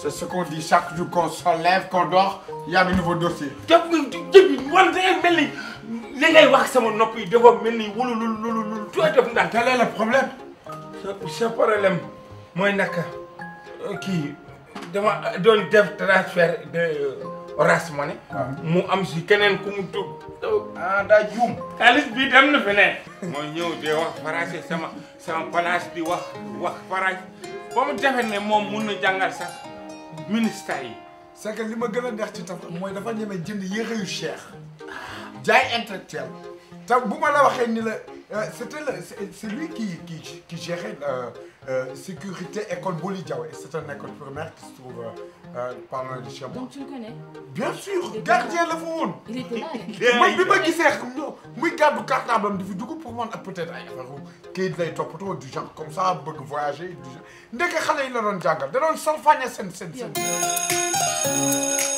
C'est ce qu'on dit chaque jour qu'on se lève, qu'on dort, il y a de nouveaux dossiers. képp nga wala da ngay mel ni ngay wax sama nopp yi dafa mel ni wala lu lu lu lu tuuti def ndax. quel le problème. ce problème mooy naka euh, kii dama doon def transfert de euh, Orange Money. Ah. mu am si keneen ku mu tudd. ah daa juum. bi dem na feneen. mooy ñëw de wax français sama sama place di wax wax français ba mu defee ne moom mun na jàngal sax. ministère yi. c'est que li ma gën a neex ci Taf mooy dafa ñeme jënd yére yu cher jaay intellectuel te bu ma la waxee ni la euh, c'était c'est lui qui qui qui euh, euh, sécurité école Boli Diaw c'est une école primaire qui se trouve par là de chez bien sûr gardien la fa woon. il était là man bi ma gisee non muy gàddu cartable am di fi dugub. amoon ak peut-être ay affaire kayit lay toppatoo du genre comme ça bëgg voyager du genre ndeke xale yi la doon jàngal da doon salfaaña seen seen seen